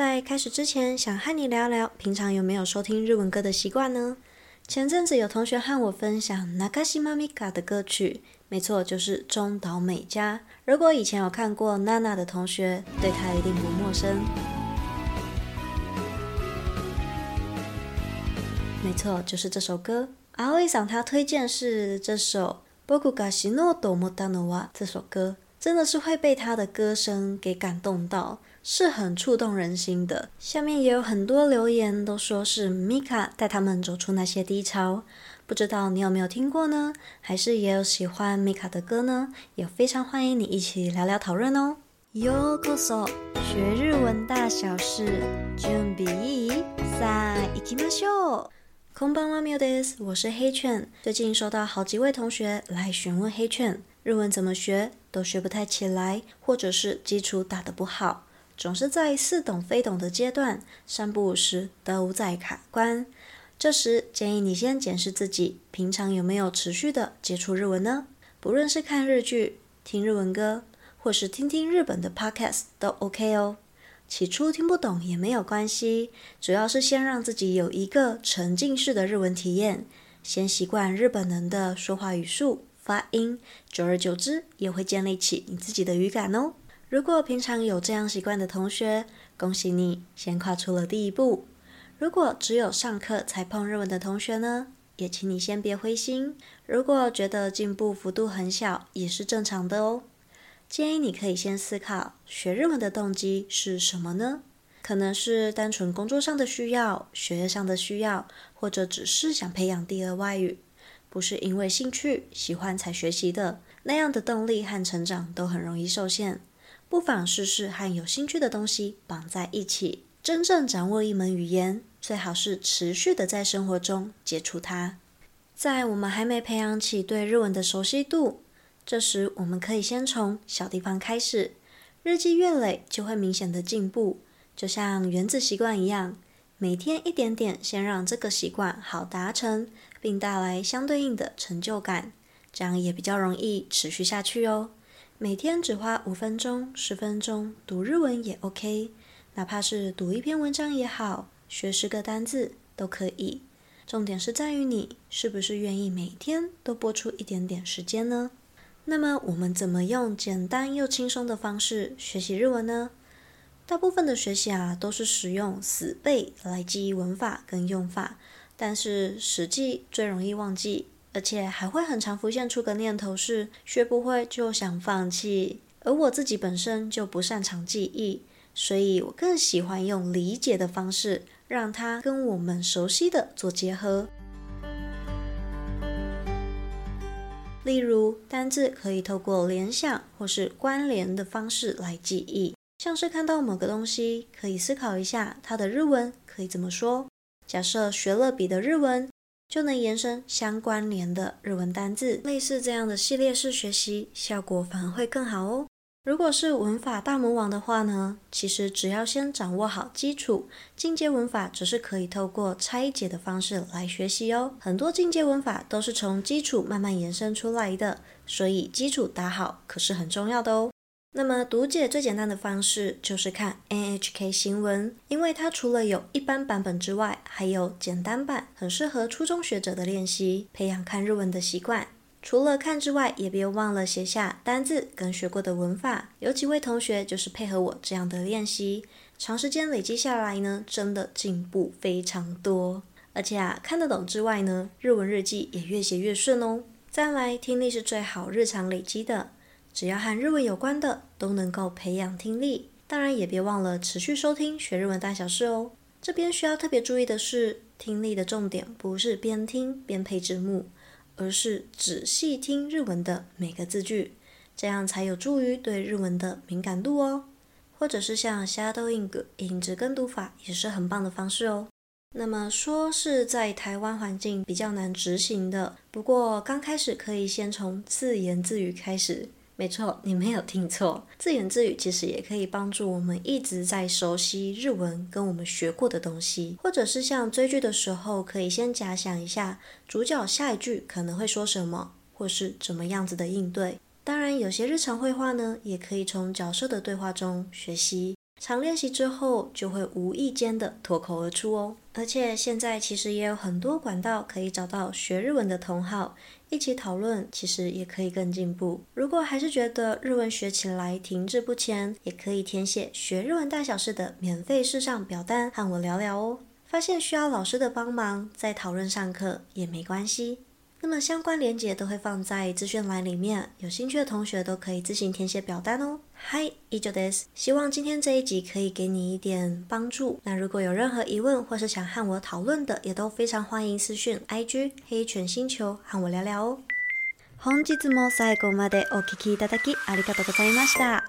在開始之前，想和你聊聊，平常有沒有收聽日文歌的習慣呢？前陣子有同學和我分享 Nakashima Mika 的歌曲，沒錯，就是中島美嘉。如果以前有看過 Nana 的同學，對她一定不陌生。沒錯，就是這首歌。阿威桑他推薦是這首僕が死のうと思ったのは這首歌，真的是會被她的歌聲給感動到。是很觸動人心的。下面也有很多留言，都說是美嘉帶他們走出那些低潮。不知道你有沒有聽過呢？還是也有喜歡美嘉的歌呢？也非常歡迎你一起聊聊討論哦。ようこそ，學日文大小事。準備、さあ行きましょう。こんばんは、ミューです。我是黑犬。最近收到好幾位同學來詢問黑犬日文怎麼學，都學不太起來，或者是基礎打得不好，總是在似懂非懂的階段，三不五時都在卡關。這時建議你先檢視自己平常有沒有持續的接觸日文呢？不論是看日劇、聽日文歌，或是聽聽日本的 podcast 都 OK 哦。起初聽不懂也沒有關係，主要是先讓自己有一個沉浸式的日文體驗，先習慣日本人的說話語速、發音，久而久之也會建立起你自己的語感哦。如果平常有這樣習慣的同學，恭喜你，先跨出了第一步。如果只有上課才碰日文的同學呢，也請你先別灰心。如果覺得進步幅度很小，也是正常的哦。建議你可以先思考，學日文的動機是什麼呢？可能是單純工作上的需要、學業上的需要，或者只是想培養第二外語，不是因為興趣、喜歡才學習的，那樣的動力和成長都很容易受限。不妨試試和有興趣的東西綁在一起，真正掌握一門語言，最好是持續的在生活中接觸它。在我們還沒培養起對日文的熟悉度，這時我們可以先從小地方開始，日積月累就會明顯的進步。就像原子習慣一樣，每天一點點，先讓這個習慣好達成，並帶來相對應的成就感，這樣也比較容易持續下去哦。每天只花五分鐘、十分鐘讀日文也 OK，哪怕是讀一篇文章也好，學十個單字都可以。重點是在於你是不是願意每天都撥出一點點時間呢？那麼我們怎麼用簡單又輕鬆的方式學習日文呢？大部分的學習啊都是使用死背來記憶文法跟用法，但是實際最容易忘記。而且還會很常浮現出個念頭是學不會就想放棄，而我自己本身就不擅長記憶，所以我更喜歡用理解的方式，讓它跟我們熟悉的做結合。例如，單字可以透過聯想或是關聯的方式來記憶，像是看到某個東西，可以思考一下它的日文可以怎麼說。假設學了筆的日文。就能延伸相關聯的日文單字，類似這樣的系列式學習效果反而會更好哦。如果是文法大魔王的話呢，其實只要先掌握好基礎，進階文法只是可以透過拆解的方式來學習哦。很多進階文法都是從基礎慢慢延伸出來的，所以基礎打好可是很重要的哦。那麼讀解最簡單的方式就是看 NHK 新聞，因為它除了有一般版本之外，還有簡單版，很適合初中學者的練習，培養看日文的習慣。除了看之外，也別忘了寫下單字跟學過的文法。有幾位同學就是配合我這樣的練習，長時間累積下來呢，真的進步非常多。而且啊，看得懂之外呢，日文日記也越寫越順哦。再來，聽力是最好日常累積的。只要和日文有關的都能夠培養聽力，當然也別忘了持續收聽學日文大小事哦。這邊需要特別注意的是，聽力的重點不是邊聽邊配字幕，而是仔細聽日文的每個字句，這樣才有助於對日文的敏感度哦。或者是像 Shadowing 影子跟讀法也是很棒的方式哦。那麼說是在台灣環境比較難執行的，不過剛開始可以先從自言自語開始。沒錯，你沒有聽錯。自言自語其實也可以幫助我們一直在熟悉日文跟我們學過的東西，或者是像追劇的時候，可以先假想一下主角下一句可能會說什麼，或是怎麼樣子的應對。當然，有些日常會話呢，也可以從角色的對話中學習。常練習之後，就會無意間的脫口而出哦。而且現在其實也有很多管道可以找到學日文的同好，一起討論，其實也可以更進步。如果還是覺得日文學起來停滯不前，也可以填寫學日文大小事的免費試上表單和我聊聊哦。發現需要老師的幫忙，再討論上課也沒關係。那麼相關鏈接都會放在資訊欄裡面，有興趣的同學都可以自行填寫表單哦。Hi，以上です。希望今天這一集可以給你一點幫助。那如果有任何疑問或是想和我討論的，也都非常歡迎私訊 IG 黑犬星球和我聊聊哦。本日も最後までお聞きいただきありがとうございました。